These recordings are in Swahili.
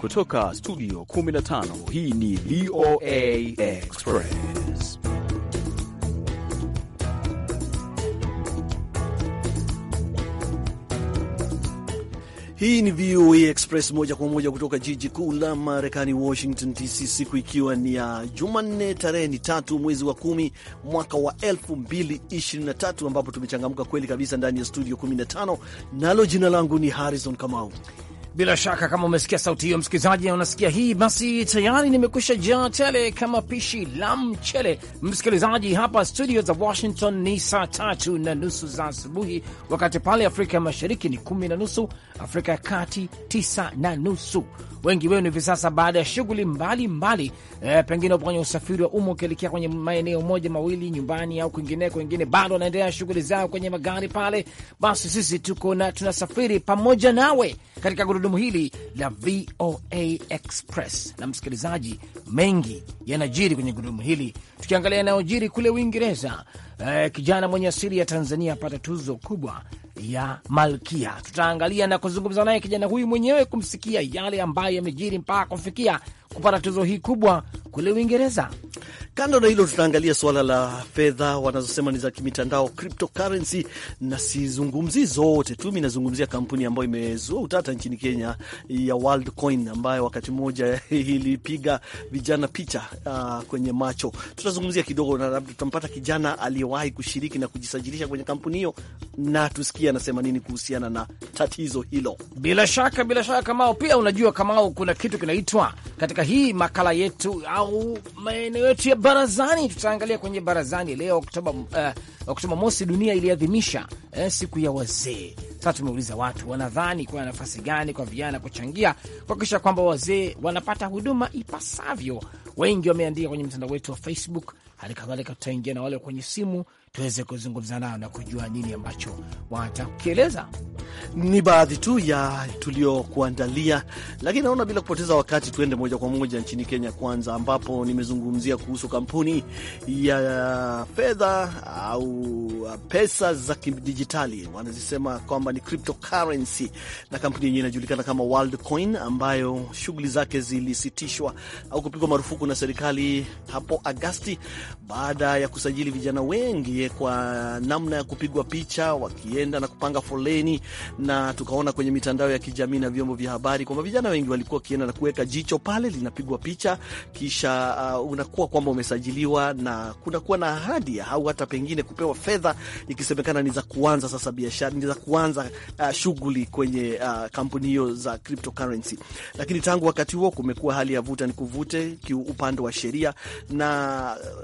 Kutoka studio 15 hii ni VOA Express. Hii ni VOA Express moja kwa moja kutoka jiji kuu la Marekani, Washington DC, siku ikiwa ni ya Jumanne tarehe ni tatu mwezi wa kumi mwaka wa 2023 ambapo tumechangamka kweli kabisa ndani ya studio 15. Nalo jina langu ni Harrison Kamau bila shaka kama umesikia sauti hiyo msikilizaji, unasikia hii, basi tayari nimekwisha jaa tele kama pishi la mchele. Msikilizaji, hapa studio za Washington ni saa tatu na nusu za asubuhi, wakati pale Afrika ya Mashariki ni kumi na nusu, Afrika ya Kati tisa na nusu wengi wenu hivi sasa baada ya shughuli mbalimbali, eh, pengine upo kwenye usafiri wa umma ukielekea kwenye maeneo moja mawili, nyumbani au kwingineko, wengine bado wanaendelea shughuli zao kwenye magari pale. Basi sisi tuko na tunasafiri pamoja nawe katika gurudumu hili la VOA Express. Na msikilizaji, mengi yanajiri kwenye gurudumu hili, tukiangalia yanayojiri kule Uingereza. Eh, kijana mwenye asili ya Tanzania apata tuzo kubwa ya Malkia. Tutaangalia na kuzungumza naye kijana huyu mwenyewe kumsikia yale ambayo yamejiri mpaka kufikia kupata tuzo hii kubwa kule Uingereza. Kando na hilo, tutaangalia suala la fedha wanazosema ni za kimitandao, cryptocurrency, na sizungumzi zote tu, mi nazungumzia kampuni ambayo imezua utata nchini Kenya ya Worldcoin, ambayo wakati mmoja ilipiga vijana picha uh, kwenye macho. Tutazungumzia kidogo na labda tutampata kijana aliyewahi kushiriki na kujisajilisha kwenye kampuni hiyo na tusikie tusikie anasema nini kuhusiana na tatizo hilo. Bila shaka, bila shaka Kamao, pia unajua Kamao, kuna kitu kinaitwa katika hii makala yetu au maeneo yetu ya barazani. Tutaangalia kwenye barazani leo Oktoba, uh, Oktoba mosi dunia iliadhimisha eh, siku ya wazee. Sasa tumeuliza watu wanadhani kuna nafasi gani kwa vijana kuchangia kuhakikisha kwamba wazee wanapata huduma ipasavyo. Wengi wameandika kwenye mtandao wetu wa Facebook, hali kadhalika tutaingia na wale kwenye simu tuweze kuzungumza nao na kujua nini ambacho watakieleza. Ni baadhi tu ya tuliokuandalia, lakini naona bila kupoteza wakati tuende moja kwa moja nchini Kenya kwanza, ambapo nimezungumzia kuhusu kampuni ya fedha au pesa za kidijitali, wanazisema kwamba ni cryptocurrency, na kampuni yenyewe inajulikana kama Worldcoin, ambayo shughuli zake zilisitishwa au kupigwa marufuku na serikali hapo Agasti baada ya kusajili vijana wengi kwa namna ya kupigwa picha wakienda na kupanga foleni, na tukaona kwenye mitandao ya kijamii na vyombo vya habari kwamba vijana wengi walikuwa wakienda na kuweka jicho pale linapigwa picha, kisha uh, unakuwa kwamba umesajiliwa na kunakuwa na ahadi au hata pengine kupewa fedha, ikisemekana ni za kuanza sasa biashara, ni za kuanza uh, shughuli kwenye uh, kampuni hiyo za cryptocurrency. Lakini tangu wakati huo kumekuwa hali ya vuta ni kuvute kiupande wa sheria, na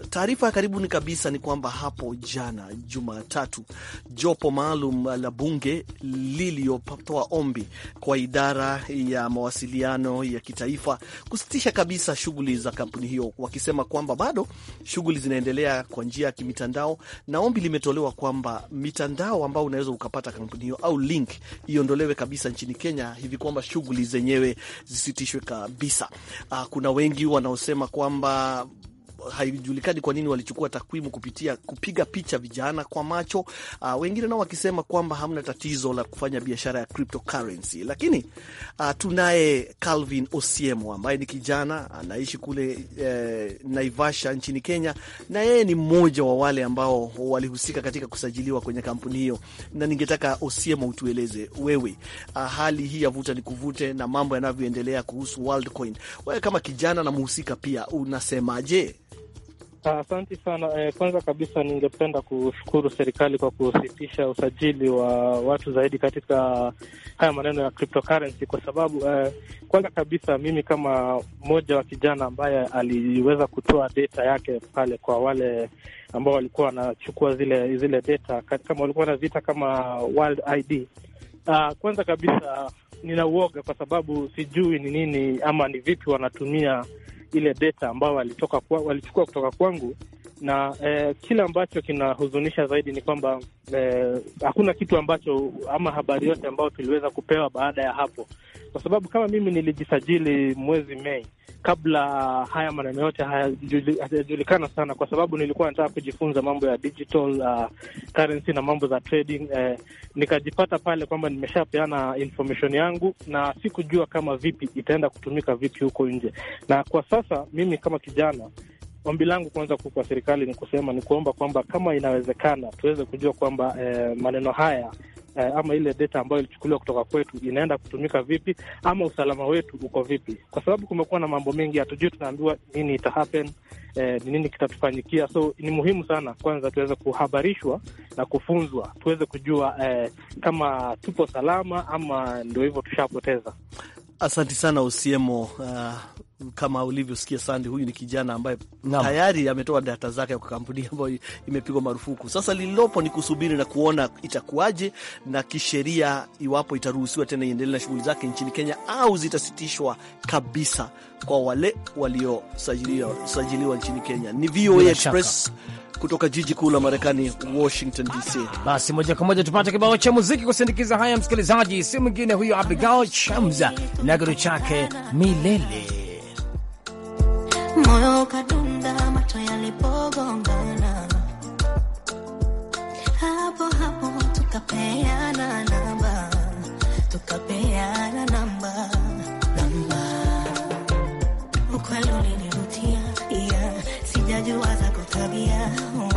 uh, taarifa ya karibuni kabisa ni kwamba hapo J jana Jumatatu, jopo maalum la bunge liliyotoa ombi kwa idara ya mawasiliano ya kitaifa kusitisha kabisa shughuli za kampuni hiyo, wakisema kwamba bado shughuli zinaendelea kwa njia ya kimitandao, na ombi limetolewa kwamba mitandao ambao unaweza ukapata kampuni hiyo au link iondolewe kabisa nchini Kenya, hivi kwamba shughuli zenyewe zisitishwe kabisa. Ah, kuna wengi wanaosema kwamba haijulikani kwa nini walichukua takwimu kupitia kupiga picha vijana kwa macho. Uh, wengine nao wakisema kwamba hamna tatizo la kufanya biashara ya cryptocurrency, lakini uh, tunaye Calvin Osiemo ambaye ni kijana anaishi kule eh, Naivasha nchini Kenya, na yeye ni mmoja wa wale ambao walihusika katika kusajiliwa kwenye kampuni hiyo, na ningetaka Osiemo utueleze wewe, uh, hali hii ya vuta ni kuvute na mambo yanavyoendelea kuhusu Worldcoin, wewe kama kijana na mhusika pia unasemaje? Ah, asante sana. E, kwanza kabisa ningependa kushukuru serikali kwa kusitisha usajili wa watu zaidi katika haya maneno ya cryptocurrency, kwa sababu e, kwanza kabisa mimi kama mmoja wa kijana ambaye aliweza kutoa data yake pale kwa wale ambao walikuwa wanachukua zile zile data kama walikuwa wanaziita kama World ID. Uh, ah, kwanza kabisa ninauoga kwa sababu sijui ni nini ama ni vipi wanatumia ile data ambayo walitoka kwa, walichukua kutoka kwangu na eh, kile ambacho kinahuzunisha zaidi ni kwamba eh, hakuna kitu ambacho ama habari yote ambayo tuliweza kupewa baada ya hapo, kwa sababu kama mimi nilijisajili mwezi Mei kabla haya maneno yote hayajulikana sana, kwa sababu nilikuwa nataka kujifunza mambo ya digital uh, currency na mambo za trading eh, nikajipata pale kwamba nimeshapeana information yangu na sikujua kama vipi itaenda kutumika vipi huko nje, na kwa sasa mimi kama kijana ombi langu kwanza kuu kwa serikali ni kusema ni kuomba kwamba kama inawezekana tuweze kujua kwamba eh, maneno haya eh, ama ile data ambayo ilichukuliwa kutoka kwetu inaenda kutumika vipi, ama usalama wetu uko vipi, kwa sababu kumekuwa na mambo mengi, hatujui tunaambiwa nini ita happen eh, ni eh, nini kitatufanyikia. So ni muhimu sana kwanza tuweze kuhabarishwa na kufunzwa, tuweze kujua eh, kama tupo salama ama ndio hivyo tushapoteza. Asante sana Usiemo. Uh, ah, kama ulivyosikia Sandi, huyu ni kijana ambaye tayari ametoa data zake kwa kampuni ambayo imepigwa marufuku. Sasa lililopo ni kusubiri na kuona itakuwaje na kisheria, iwapo itaruhusiwa tena iendelee na shughuli zake nchini Kenya au zitasitishwa kabisa kwa wale waliosajiliwa nchini Kenya. Ni VOA Express kutoka jiji kuu la Marekani, Washington DC. Basi moja kwa moja tupate kibao cha muziki kusindikiza haya, msikilizaji, si mwingine huyo Abigail chamza na kitu chake milele moyo ukadunda, macho yalipogongana, hapo hapo tukapeana namba, tukapeana namba, namba. Ukweli ulinivutia, ia sijajua za kutabia mm.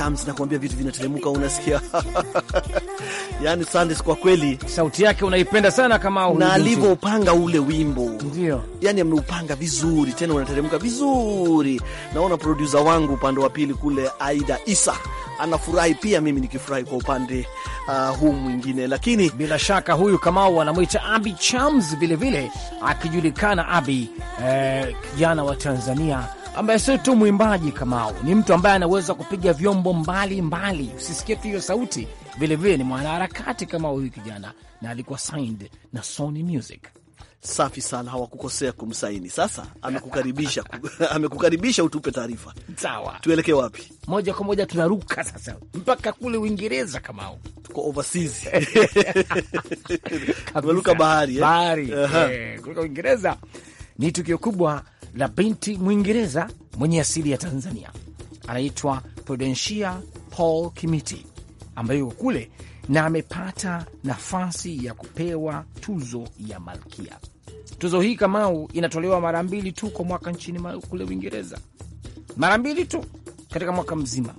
Shams nakuambia vitu vinateremka, unasikia yani Sandes, kwa kweli sauti yake unaipenda sana kama na alivyopanga ule wimbo, ndio yani ameupanga vizuri, tena unateremka vizuri. Naona produsa wangu upande wa pili kule, Aida Isa anafurahi pia, mimi nikifurahi kwa upande uh, huu mwingine, lakini bila shaka huyu Kamau anamwita Abi Chams vilevile, akijulikana Abi eh, kijana eh, wa Tanzania ambaye sio tu mwimbaji Kamau, ni mtu ambaye anaweza kupiga vyombo mbalimbali. Usisikie tu hiyo sauti, vilevile ni mwanaharakati kama huyu kijana, na alikuwa signed na Sony Music. Safi sana, hawakukosea kumsaini. Sasa amekukaribisha amekukaribisha, utupe taarifa. Sawa, tuelekee wapi? Moja kwa moja tunaruka sasa mpaka kule Uingereza, Kamau, tuko overseas bahari eh? bahari eh, Uingereza. Ni tukio kubwa la binti Mwingereza mwenye asili ya Tanzania anaitwa Prudensia Paul Kimiti ambaye yuko kule na amepata nafasi ya kupewa tuzo ya malkia. Tuzo hii Kamau inatolewa mara mbili tu kwa mwaka nchini kule Uingereza, mara mbili tu katika mwaka mzima,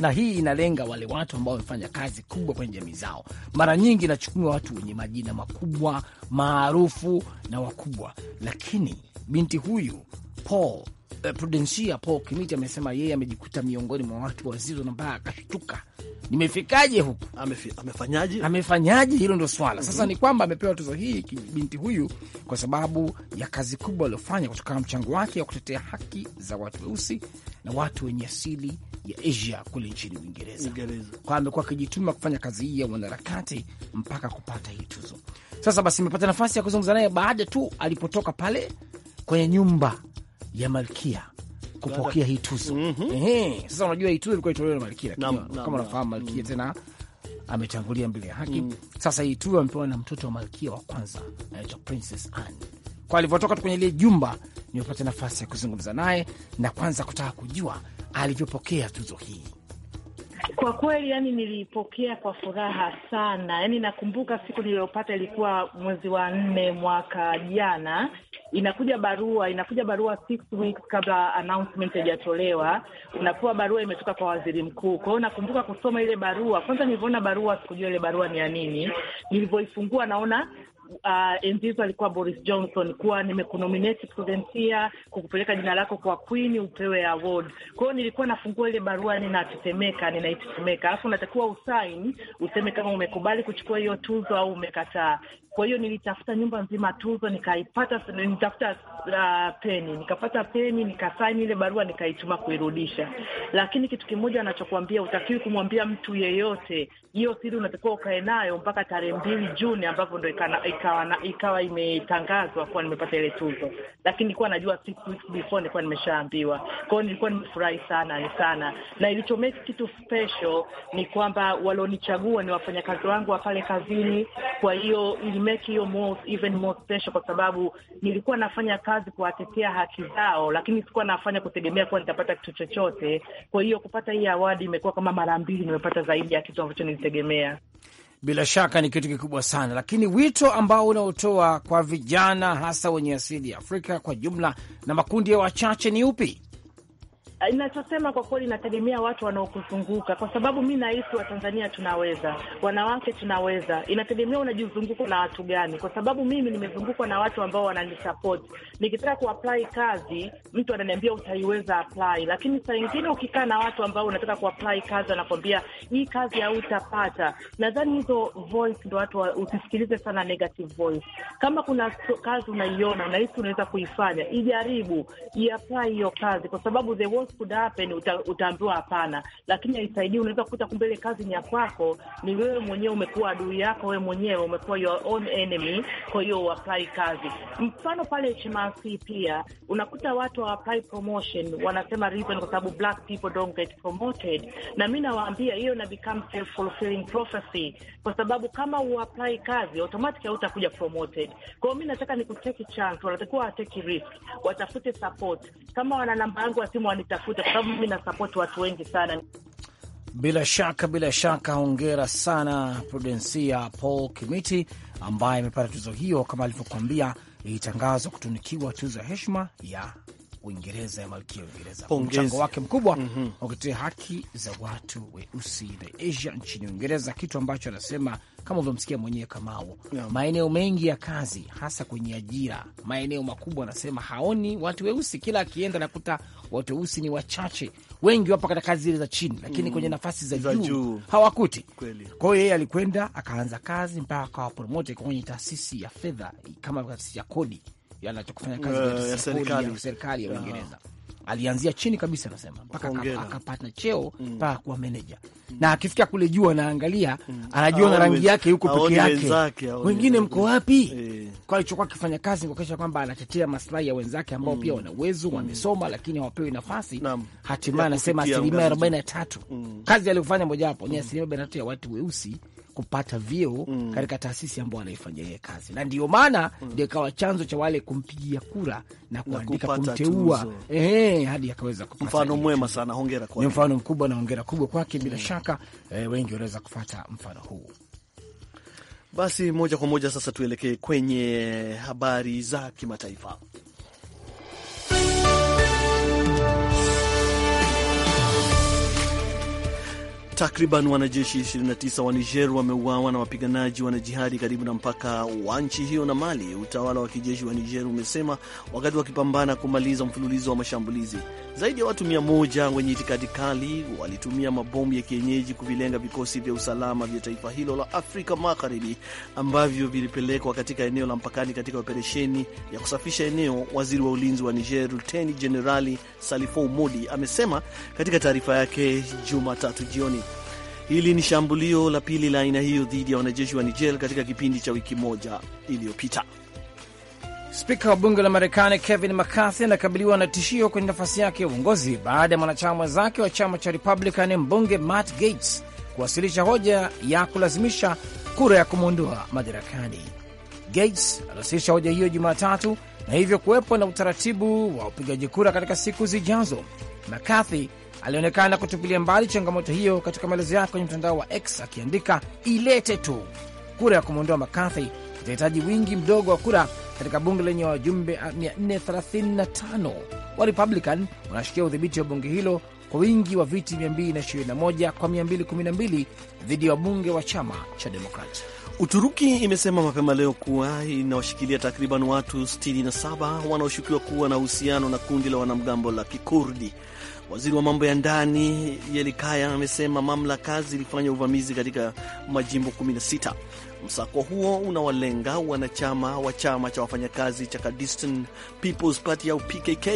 na hii inalenga wale watu ambao wamefanya kazi kubwa kwenye jamii zao. Mara nyingi inachukumiwa watu wenye majina makubwa, maarufu na wakubwa, lakini binti huyu Paul eh, Prudensia Paul Kimiti amesema yeye amejikuta miongoni mwa watu wazito na mbaya, akashtuka, nimefikaje huku, amefanyaje, amefanyaje? Hilo ndo swala sasa. mm -hmm. Ni kwamba amepewa tuzo hii binti huyu kwa sababu ya kazi kubwa aliofanya kutokana mchango wake wa kutetea haki za watu weusi na watu wenye asili ya Asia kule nchini Uingereza. Kwa amekuwa akijituma kufanya kazi hii ya wanaharakati mpaka kupata hii tuzo. Sasa basi, imepata nafasi ya kuzungumza naye baada tu alipotoka pale kwenye nyumba ya malkia kupokea hii tuzo mm -hmm. Sasa unajua hii tuzo ilikuwa itolewa na malkia, lakini kama unafahamu malkia mm. tena ametangulia mbele ya haki mm. Sasa hii tuzo amepewa na mtoto wa malkia wa kwanza anaitwa eh, Princess Anne. Kwa alivyotoka kwenye ile jumba, nimepata nafasi ya kuzungumza naye na kwanza kutaka kujua alivyopokea tuzo hii. Kwa kweli, yani nilipokea kwa furaha sana. Yani nakumbuka siku niliyopata ilikuwa mwezi wa nne mwaka jana, inakuja barua, inakuja barua six weeks kabla announcement haijatolewa, unapewa barua imetoka kwa waziri mkuu. Kwa hiyo nakumbuka kusoma ile barua kwanza, nilivyoona barua sikujua ile barua ni ya nini. Nilivyoifungua naona uh, enzi hizo alikuwa Boris Johnson, kuwa nimekunominate Prudensia kukupeleka jina lako kwa Queen upewe award. Kwa hiyo nilikuwa nafungua ile barua ninatetemeka, ninaitetemeka, alafu unatakiwa usaini useme kama umekubali kuchukua hiyo tuzo au umekataa. Kwa hiyo nilitafuta nyumba nzima tuzo, nikaipata. nitafuta uh, peni, nikapata peni, nikasaini ile barua, nikaituma kuirudisha. Lakini kitu kimoja anachokuambia utakiwi kumwambia mtu yeyote, hiyo siri unatakiwa ukae nayo mpaka tarehe mbili Juni ambapo ndo ikana ikawa na, ikawa imetangazwa kuwa nimepata ile tuzo, lakini nilikuwa najua six weeks before nilikuwa nimeshaambiwa. Kwa hiyo nilikuwa nimefurahi sana ni sana, na make kitu special ni kwamba walionichagua ni wafanyakazi wangu wa pale kazini. Kwa hiyo make hiyo more, even more special, kwa sababu nilikuwa nafanya kazi kuwatetea haki zao, lakini sikuwa nafanya kutegemea kuwa nitapata kitu chochote. Kwa hiyo kupata hii awadi imekuwa kama mara mbili nimepata zaidi ya kitu ambacho nilitegemea bila shaka ni kitu kikubwa sana, lakini wito ambao unaotoa kwa vijana hasa wenye asili ya Afrika kwa jumla na makundi ya wachache ni upi? Eh, inachosema kwa kweli inategemea watu wanaokuzunguka, kwa sababu mi nahisi Watanzania tunaweza, wanawake tunaweza. Inategemea unajizunguka na watu gani, kwa sababu mimi nimezungukwa na watu ambao wananisupport. Nikitaka kuapply kazi, mtu ananiambia utaiweza apply, lakini saa ingine ukikaa na watu ambao unataka kuapply kazi wanakwambia hii kazi hautapata. Nadhani hizo voice ndo watu usisikilize sana negative voice. Kama kuna kazi unaiona unahisi unaweza kuifanya, ijaribu, iapply hiyo kazi, kwa sababu the those could happen, uta, utaambiwa hapana, lakini haisaidii. Unaweza kukuta kumbe ile kazi ni ya kwako, ni wewe mwenyewe umekuwa adui yako, wewe mwenyewe umekuwa your own enemy, kwa hiyo uapply kazi. Mfano pale HMRC pia unakuta watu waapply promotion, wanasema reason kwa sababu black people don't get promoted, na mi nawaambia hiyo na become self fulfilling prophecy, kwa sababu kama uapply kazi automatic hautakuja promoted. Kwa hiyo mi nataka ni kuteki chance, wanatakiwa wateki risk, watafute support. Kama wana namba yangu ya simu wanita nitafuta, kwa sababu mimi nasupport watu wengi sana. Bila shaka, bila shaka, hongera sana Prudensia Paul Kimiti ambaye amepata tuzo hiyo. Kama alivyokuambia, ilitangazwa kutunikiwa tuzo ya heshima ya Uingereza ya malkia ya Uingereza, mchango wake mkubwa mm -hmm. wakutetea haki za watu weusi na Asia nchini Uingereza, kitu ambacho anasema kama ulivyomsikia mwenyewe Kamau, yeah. maeneo mengi ya kazi hasa kwenye ajira, maeneo makubwa anasema haoni watu weusi. Kila akienda nakuta watu weusi ni wachache, wengi wapo katika kazi zile za chini, lakini mm. kwenye nafasi za juu hawakuti. Kwa hiyo yeye alikwenda akaanza kazi mpaka akawa promote kwenye taasisi ya fedha kama taasisi ya kodi anachokufanya kazi uh, ya serikali ya ah. Uingereza alianzia chini kabisa, anasema mpaka akapata cheo mpaka mm. kuwa meneja mm. na akifika kule juu anaangalia mm. na rangi yake yuko peke yake, wengine mko wapi? E. Kwa alichokuwa akifanya kazi ni kuhakikisha kwamba anatetea maslahi ya wenzake ambao mm. pia wana uwezo mm. wamesoma, lakini hawapewi nafasi. Hatimaye anasema asilimia arobaini na tatu mm. kazi aliyofanya mojawapo ni mm. asilimia arobaini na tatu ya watu weusi kupata vyeo mm. katika taasisi ambayo anaifanya yeye kazi, na ndio maana mm. ndio ikawa chanzo cha wale kumpigia kura na kuandika kumteua, eh, hadi akaweza kupata mfano mwema sana. Hongera kwake, ni mfano mkubwa na hongera kubwa kwake. Bila mm. shaka eh, wengi wanaweza kufata mfano huu. Basi moja kwa moja sasa tuelekee kwenye habari za kimataifa. Takriban wanajeshi 29 wa Niger wameuawa na wapiganaji wanajihadi karibu na mpaka wa nchi hiyo na Mali, utawala wa kijeshi wa Niger umesema wakati wakipambana kumaliza mfululizo wa mashambulizi. Zaidi ya watu 100 wenye itikadi kali walitumia mabomu ya kienyeji kuvilenga vikosi vya usalama vya taifa hilo la Afrika Magharibi ambavyo vilipelekwa katika eneo la mpakani katika operesheni ya kusafisha eneo. Waziri wa ulinzi wa Niger Luteni Jenerali Salifou Modi amesema katika taarifa yake Jumatatu jioni. Hili ni shambulio la pili la aina hiyo dhidi ya wanajeshi wa Niger katika kipindi cha wiki moja iliyopita. Spika wa bunge la Marekani Kevin McCarthy anakabiliwa na tishio kwenye nafasi yake ya uongozi baada ya mwanachama mwenzake wa chama cha Republican mbunge Matt gates kuwasilisha hoja ya kulazimisha kura ya kumwondoa madarakani. Gates aliwasilisha hoja hiyo Jumatatu na hivyo kuwepo na utaratibu wa upigaji kura katika siku zijazo. McCarthy alionekana kutupilia mbali changamoto hiyo katika maelezo yake kwenye mtandao wa X akiandika, ilete tu kura ya kumwondoa McCarthy itahitaji wingi mdogo wa kura katika bunge lenye wajumbe 435. Wa Republican wanashikia udhibiti wa bunge hilo kwa wingi wa viti 221 kwa 212 dhidi ya wabunge wa chama cha Demokrat. Uturuki imesema mapema leo kuwa inawashikilia takriban watu 67 wanaoshukiwa kuwa na uhusiano na kundi la wanamgambo la Kikurdi Waziri wa mambo ya ndani Yelikaya amesema mamlaka zilifanya uvamizi katika majimbo 16. Msako huo unawalenga wanachama wa chama cha wafanyakazi cha Kurdistan People's Party au PKK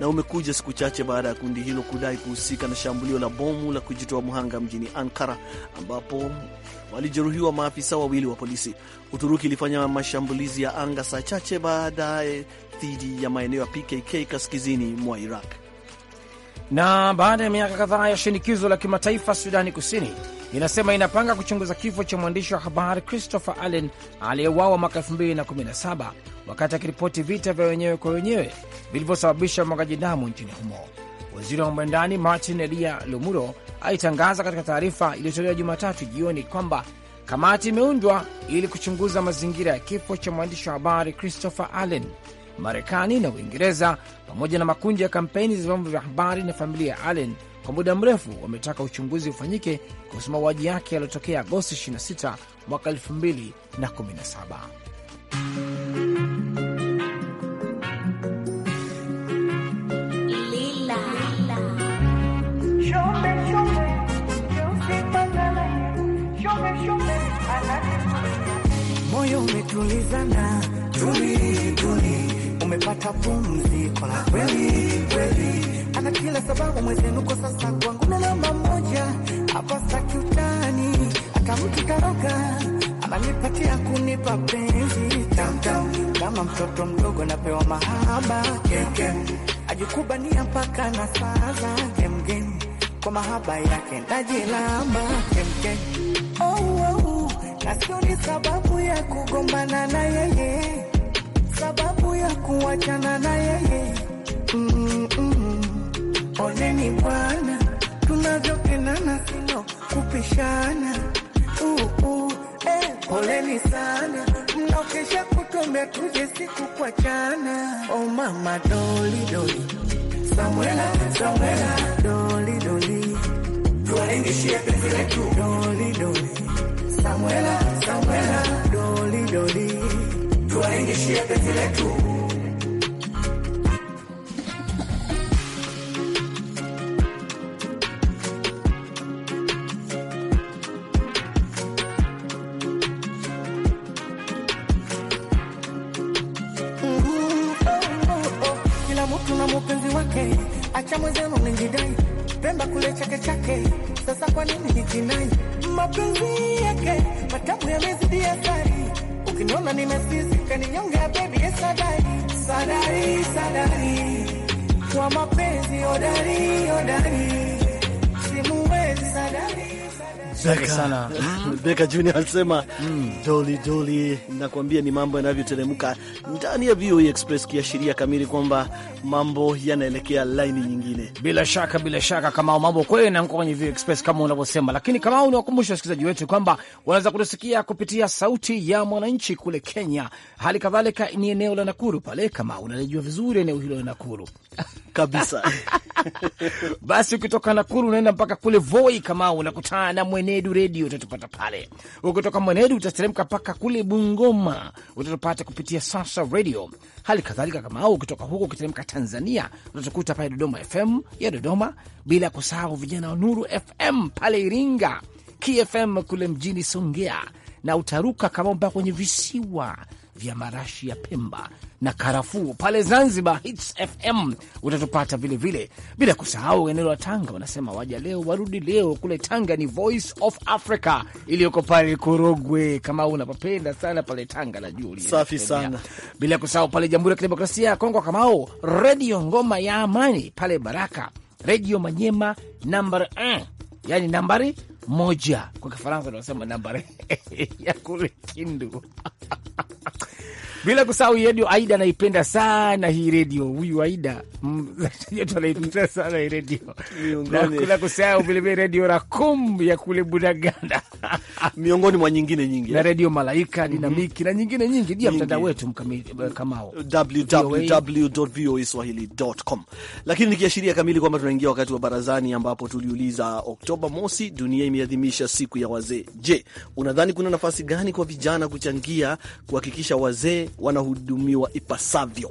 na umekuja siku chache baada ya kundi hilo kudai kuhusika na shambulio la bomu la kujitoa mhanga mjini Ankara ambapo walijeruhiwa maafisa wawili wa polisi. Uturuki ilifanya mashambulizi ya anga saa chache baadaye dhidi ya maeneo ya PKK kaskazini mwa Iraq. Na baada ya miaka kadhaa ya shinikizo la kimataifa, Sudani Kusini inasema inapanga kuchunguza kifo cha mwandishi wa habari Christopher Allen aliyeuawa mwaka 2017 wakati akiripoti vita vya wenyewe kwa wenyewe vilivyosababisha mwagaji damu nchini humo. Waziri wa mambo ya ndani Martin Elia Lumuro alitangaza katika taarifa iliyotolewa Jumatatu jioni kwamba kamati imeundwa ili kuchunguza mazingira ya kifo cha mwandishi wa habari Christopher Allen Marekani na Uingereza pamoja na makundi ya kampeni za vyombo vya habari na familia ya Allen kwa muda mrefu wametaka uchunguzi ufanyike kuhusu mauaji yake yaliyotokea Agosti 26 mwaka 2017. Moyo umetulizana tuli tuli umepata pumziko la kweli kweli, ana kila sababu mwezenu kwa sasa. Kwangu na namba moja hapa staki utani, hata mtu karoga ananipatia kunipa penzi kama mtoto mdogo napewa mahaba keke, ajikubania mpaka na saza kemgeni kwa mahaba yake najilamba kemgeni, oh, oh, oh, na sio ni sababu ya kugombana na yeye sababu ya kuachana na yeye. mm -mm. Oneni bwana, tunavyopendana, sino kupishana. uh -uh. Eh, poleni sana mnaokesha kutombea tuje siku kuachana. Oh mama doli doli, Samuela Samuela doli doli, doli doli, doli doli tuwaringishie penzi letu. mupenzi wake, acha mwenzenu nijidai, pemba kule chake chake, sasa kwa nini nijinai mapenzi kaninyonga baby, yes kwa mapenzi odari odari, simuwezi mm. Beka Junior alisema mm. Doli doli, nakwambia ni mambo yanavyoteremka ndani ya VOA e Express, kiashiria kamili kwamba mambo yanaelekea laini nyingine. Bila shaka, bila shaka, Kamao, mambo kweli naamka kwenye Vio Express kama unavyosema, lakini kama Kamao, niwakumbushe wasikilizaji wetu kwamba wanaweza kutusikia kupitia Sauti ya Mwananchi kule Kenya, hali kadhalika ni eneo la Nakuru pale. kama unalijua vizuri eneo hilo la Nakuru kabisa. Basi ukitoka Nakuru unaenda mpaka kule Voi, kama unakutana na Mwenedu Redio, utatupata pale. Ukitoka Mwenedu utateremka mpaka kule Bungoma, utatupata kupitia Sasa Redio. hali kadhalika Kamao, ukitoka huko utateremka Tanzania unatukuta pale Dodoma FM ya Dodoma, bila kusahau vijana wa Nuru FM pale Iringa, KFM kule mjini Songea, na utaruka kama mpaka kwenye visiwa vya marashi ya Pemba na karafuu. Pale Zanzibar Hits FM utatupata vilevile, bila kusahau eneo la Tanga. Wanasema waja leo warudi leo. Kule Tanga ni Voice of Africa iliyoko pale Korogwe, kama unapopenda sana pale Tanga na juli safi sana. Bila kusahau pale Jamhuri ya Kidemokrasia ya Kongo, kamao Redio Ngoma ya Amani pale Baraka, Redio Manyema namba eh, yani nambari moja kwa Kifaransa unasema nambari ya kule Kindu bila kusahau redio Aida anaipenda sana hii redio, huyu Aida mm, yetu anaipenda sana hii redio, bila kusahau vilevile redio Rakum ya kule Bunagana, miongoni mwa nyingine nyingi, na redio Malaika mhm. Dinamiki mm -hmm. na nyingine nyingi. ndio mtandao wetu mkamao eh, www.voaswahili.com. Lakini nikiashiria kamili kwamba tunaingia wakati wa barazani, ambapo tuliuliza Oktoba mosi, dunia imeadhimisha siku ya wazee. Je, unadhani kuna nafasi gani kwa vijana kuchangia kuhakikisha wazee wanahudumiwa ipasavyo.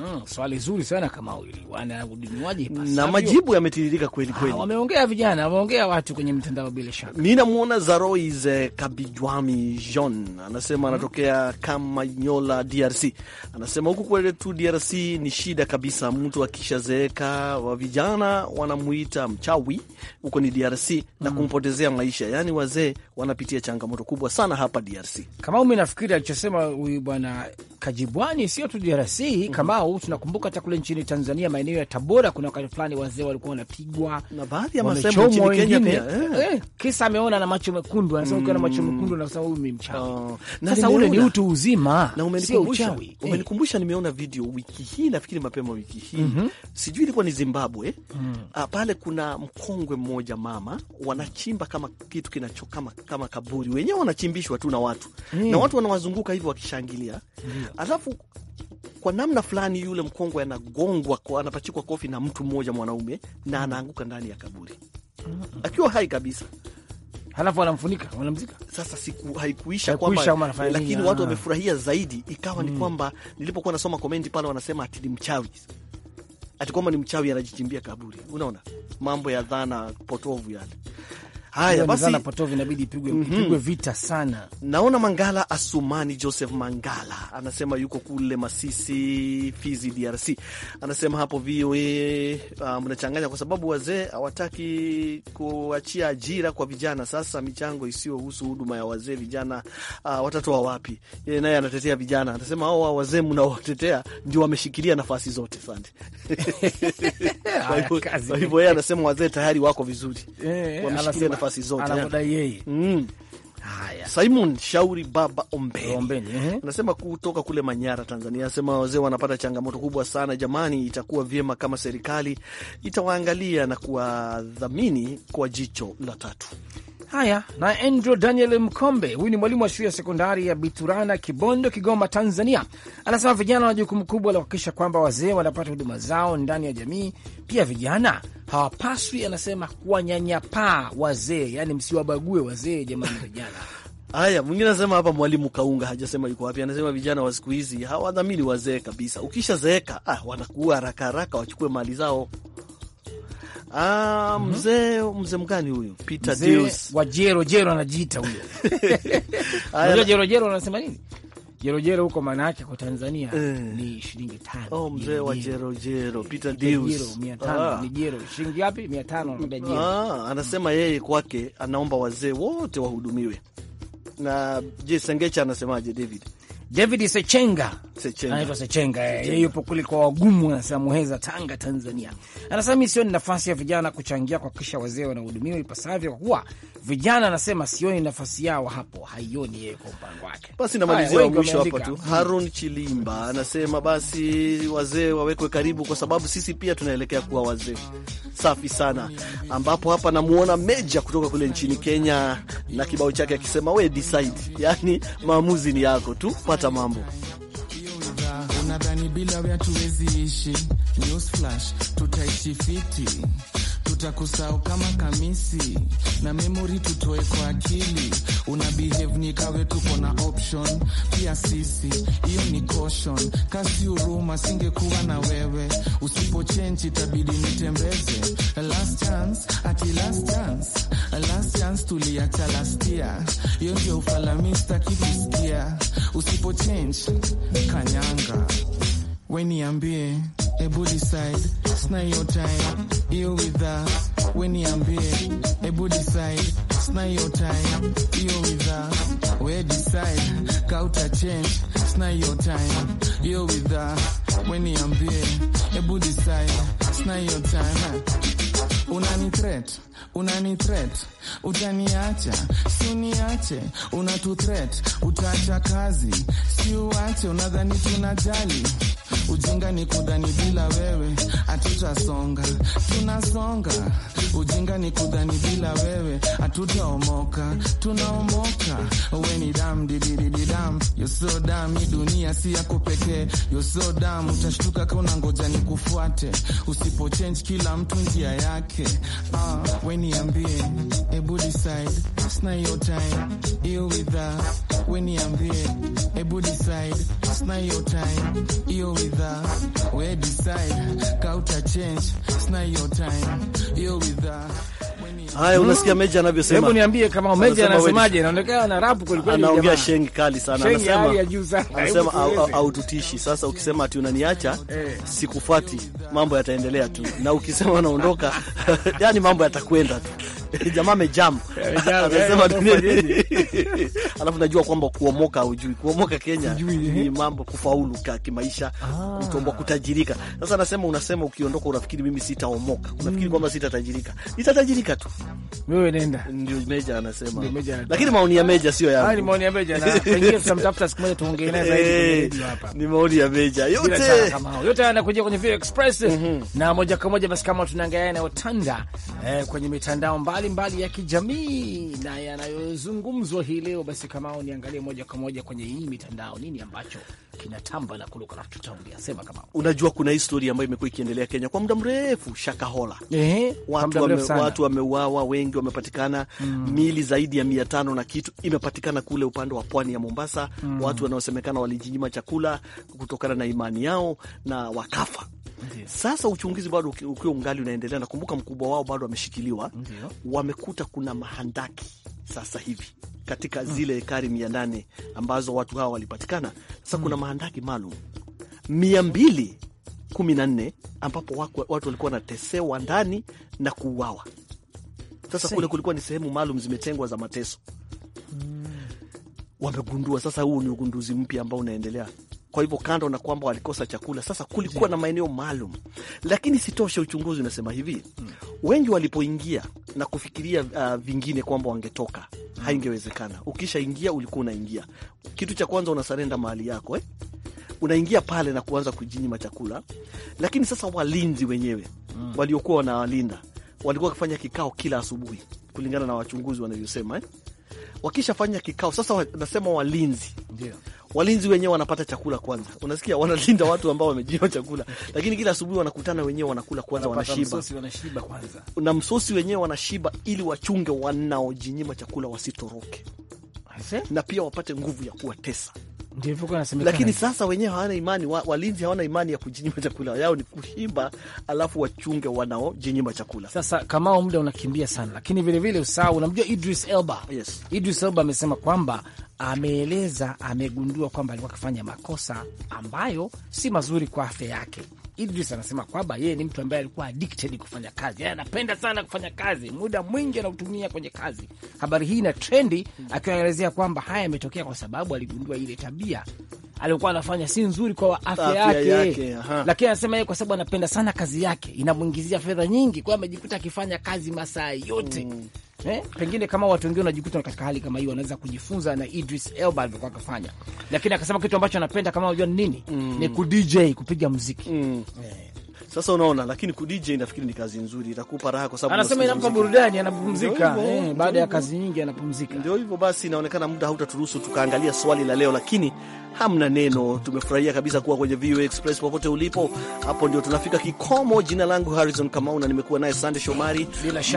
Mm, swali zuri sana kama hili, wanahudumiwaji na majibu yametiririka kweli kweli. Ah, wameongea vijana, wameongea watu kwenye mitandao bila shaka. Ninamwona Zarois Kabijwami John anasema mm-hmm. anatokea kama Nyola, DRC. Anasema huku kwetu DRC ni shida kabisa, mtu akishazeeka wa vijana wanamuita mchawi, huko ni DRC na mm-hmm. kumpotezea maisha. Yani wazee wanapitia changamoto kubwa sana hapa DRC. Kama mimi nafikiri alichosema huyu bwana Kajibwani sio tu DRC kama au tunakumbuka hata kule nchini Tanzania, maeneo ya Tabora, kuna wakati fulani wazee walikuwa wanapigwa na baadhi ya masemo nchini Kenya pia eh. Eh, kisa ameona na macho mekundu, anasema ukiwa na macho mm. mekundu na sababu mimi mchawi oh. Sasa ule ni utu uzima na umenikumbusha eh. umenikumbusha, nimeona video wiki hii, nafikiri mapema wiki hii mm -hmm. sijui ilikuwa ni Zimbabwe mm -hmm. pale kuna mkongwe mmoja mama wanachimba kama kitu kinacho kama, kama kaburi wenyewe wanachimbishwa tu na watu mm na watu wanawazunguka hivyo wakishangilia mm alafu kwa namna fulani fulani yule mkongwe anagongwa, anapachikwa kofi na mtu mmoja mwanaume, na anaanguka ndani ya kaburi mm-hmm. akiwa hai kabisa. Halafu wanamfunika wanamzika. Sasa siku haikuisha kwamba, lakini watu ah. wamefurahia zaidi, ikawa ni mm. kwamba nilipokuwa nasoma komenti pale, wanasema ati ni mchawi, ati kwamba ni mchawi anajichimbia kaburi. Unaona mambo ya dhana potovu yale. Haya basi, potovu inabidi ipigwe mm -hmm. vita sana. Naona Mangala Asumani Joseph Mangala anasema yuko kule Masisi, Fizi, DRC. Anasema hapo VOA uh, ah, mnachanganya kwa sababu wazee hawataki kuachia ajira kwa vijana. Sasa michango isiyohusu huduma ya wazee vijana uh, watatoa wapi? Yeye naye anatetea vijana, anasema hao wazee mnaowatetea ndio wameshikilia nafasi zote. Sante Kwa hivyo yeye anasema wazee tayari wako vizuri, eh, eh, wameshikilia nafasi zote anamdai yeye mm. Haya, Simon Shauri Baba Ombeni, Ombeni anasema kutoka kule Manyara, Tanzania, anasema wazee wanapata changamoto kubwa sana jamani. Itakuwa vyema kama serikali itawaangalia na kuwadhamini kwa jicho la tatu. Haya, na Andrew Daniel Mkombe, huyu ni mwalimu wa shule ya sekondari ya Biturana, Kibondo, Kigoma, Tanzania, anasema vijana wana jukumu kubwa la kuhakikisha kwamba wazee wanapata huduma zao ndani ya jamii. Pia vijana hawapaswi, anasema kuwanyanyapaa wazee, yaani msiwabague wazee, jamani vijana Haya, mwingine anasema hapa, mwalimu Kaunga hajasema yuko wapi, anasema vijana wa siku hizi hawadhamini wazee kabisa. Ukishazeeka ah, wanakua haraka haraka wachukue mali zao. Ah, mhm. mzee mzee mgani huyu? Peter Deus wa Jero Jero anajiita huyo. Unajua Jero Jero anasema nini? Jero Jero huko maana yake kwa Tanzania eh, ni shilingi tano. Oh, mzee wa Jero Jero Peter Deus. Ah. Ni Jero shilingi ngapi? 500. Ah, anasema mm yeye kwake anaomba wazee wote wahudumiwe. Na je, Sengecha anasemaje David? David Sechenga anaitwa Sechenga, eh, yeye yupo kule kwa wagumu, anasema Muheza, Tanga, Tanzania. Anasema mi sioni nafasi ya vijana kuchangia kuhakikisha wazee wanahudumiwa ipasavyo, kwa kuwa vijana, anasema sioni nafasi yao hapo, haioni yeye kwa mpango wake. Basi namalizia wa mwisho hapa tu. Harun Chilimba anasema basi wazee wawekwe karibu, kwa sababu sisi pia tunaelekea kuwa wazee. Safi sana, ambapo hapa namuona Meja kutoka kule nchini Kenya na kibao chake akisema we decide, yani maamuzi ni yako tu, pata mambo Nadhani bila wewe hatuwezi ishi. Newsflash, tutaishi fiti tutakusahau kama kamisi na memory tutoe kwa akili, una behave ni kawe tuko na option pia sisi, hiyo ni caution, kasi huruma, singekuwa na wewe usipo change itabidi nitembeze. Last chance ati last chance, last chance tuliacha last year, hiyo ndio ufala mista kikusikia, usipo change kanyanga we niambie, ebu decide, sina hiyo time hiyo with us, we niambie, ebu decide, sina hiyo time hiyo with us, we decide, counter change, sina hiyo time hiyo with us, we niambie, ebu decide, sina hiyo time Unani threat, unanitret unanitret utaniacha unatu threat, utaacha kazi siuache unadhani tunajali Ujinga ni kudhani bila wewe hatutasonga, tunasonga. Ujinga ni kudhani bila wewe hatutaomoka, tunaomoka. We ni dam dam, so yosodam. Hii dunia si yako pekee, so yosodam. Utashtuka kauna ngoja ni kufuate, usipo change kila mtu njia yake. Ah, Uh, we niambie, ebu decide, sna yo time deal with her. We niambie, ebu decide, sna yo time iyo Haya, unasikia Meja anavyosema. Hebu niambie kama Meja anasemaje? Inaonekana na rap kweli kweli, anaongea shengi kali sana, anasema anasema au tutishi. Sasa ukisema ati unaniacha eh. sikufuati, mambo yataendelea tu, na ukisema unaondoka, yani mambo yatakwenda tu. Jamaa amejam, amesema eh, alafu najua kwamba kuomoka haujui kuomoka Kenya ni eh? mambo kufaulu ka kimaisha, ah. kutomba, kutajirika. Sasa nasema, unasema ukiondoka unafikiri mimi sitaomoka, unafikiri mm. kwamba sitatajirika, nitatajirika tu. Wewe nenda, ndio Meja anasema, lakini maoni ya Meja sio ah, yangu, ni maoni ya Meja, na pengine tutamtafuta siku moja tuongee naye zaidi eh, hapa. Ni maoni ya Meja, yote yote yanakuja kwenye Vio Express mhm. na moja kwa moja. Basi kama tunaangalia eh, kwenye mitandao mbalimbali mbali ya kijamii na yanayozungumzwa hii leo basi Kamao, niangalie moja kwa moja kwenye hii mitandao, nini ambacho kinatamba na kuluka, na tutangulia sema kama unajua, kuna historia ambayo imekuwa ikiendelea Kenya kwa muda mrefu, Shakahola. Ehe, watu wameuawa, wengi wamepatikana, mm. mili zaidi ya mia tano na kitu imepatikana kule upande wa pwani ya Mombasa, mm. watu wanaosemekana walijinyima chakula kutokana na imani yao na wakafa Ndiyo. Sasa uchunguzi bado ukiwa ungali unaendelea, nakumbuka mkubwa wao bado ameshikiliwa, wamekuta kuna mahandaki sasa hivi katika zile ekari mia nane ambazo watu hawa walipatikana. Sasa mm. kuna mahandaki maalum mia mbili kumi na nne ambapo watu walikuwa wanatesewa ndani na kuuawa. Sasa kule kulikuwa ni sehemu maalum zimetengwa za mateso mm. Wamegundua sasa, huu ni ugunduzi mpya ambao unaendelea kwa hivyo kando na kwamba walikosa chakula, sasa kulikuwa na maeneo maalum, lakini sitoshe, uchunguzi unasema hivi mm. wengi walipoingia na kufikiria uh, vingine kwamba wangetoka mm. haingewezekana. Ukishaingia ulikuwa unaingia, kitu cha kwanza unasarenda mahali yako eh? unaingia pale na kuanza kujinyima chakula, lakini sasa walinzi wenyewe mm. waliokuwa wanawalinda walikuwa wakifanya kikao kila asubuhi, kulingana na wachunguzi wanavyosema eh? Wakishafanya kikao sasa, nasema walinzi yeah walinzi wenyewe wanapata chakula kwanza, unasikia, wanalinda watu ambao wamejiwa chakula, lakini kila asubuhi wanakutana wenyewe wanakula kwanza, wanashiba na msosi wenyewe wanashiba, ili wachunge wanaojinyima chakula wasitoroke na pia wapate nguvu ya kuwatesa. Lakini sasa wenyewe hawana imani wa, walinzi hawana imani ya kujinyima chakula, yao ni kushimba, alafu wachunge wanaojinyima chakula. Sasa kama muda unakimbia sana, lakini vilevile usahau, unamjua Idris Elba. Yes. Idris Elba amesema kwamba ameeleza amegundua kwamba alikuwa akifanya makosa ambayo si mazuri kwa afya yake. Idris anasema kwamba yeye ni mtu ambaye alikuwa addicted kufanya kazi, yeye anapenda sana kufanya kazi, muda mwingi anautumia kwenye kazi. Habari hii na trendi akiwa anaelezea kwamba haya yametokea kwa sababu aligundua ile tabia alikuwa anafanya si nzuri kwa afya yake, yake lakini anasema yeye kwa sababu anapenda sana kazi yake, inamwingizia fedha nyingi, kwa amejikuta akifanya kazi masaa yote mm eh, pengine kama watu wengine wanajikuta katika hali kama hiyo, wanaweza kujifunza na Idris Elba alivyokuwa akifanya, lakini akasema kitu ambacho anapenda kama unajua nini, mm. ni ku DJ kupiga muziki mm. eh. Sasa unaona, lakini ku DJ nafikiri ni kazi nzuri, itakupa raha kwa sababu anasema inampa burudani, anapumzika eh, baada ya kazi nyingi anapumzika. Ndio hivyo basi, inaonekana muda hautaturuhusu tukaangalia swali la leo, lakini hamna neno. Tumefurahia kabisa kuwa kwenye VOA Express popote ulipo. Hapo ndio tunafika kikomo. Jina langu Harrison Kamau na nimekuwa naye Sande Shomari,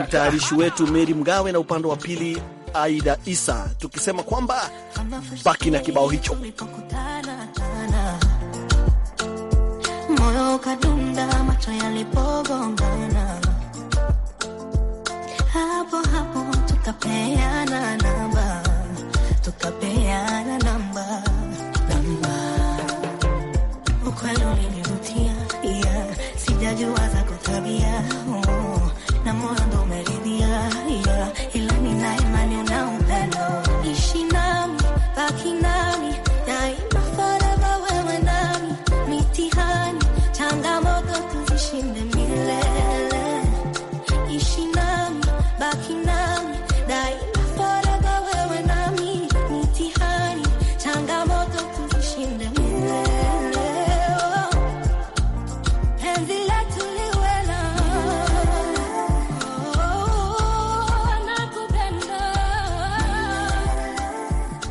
mtayarishi wetu Meri Mgawe na upande wa pili Aida Isa, tukisema kwamba baki na kibao hicho.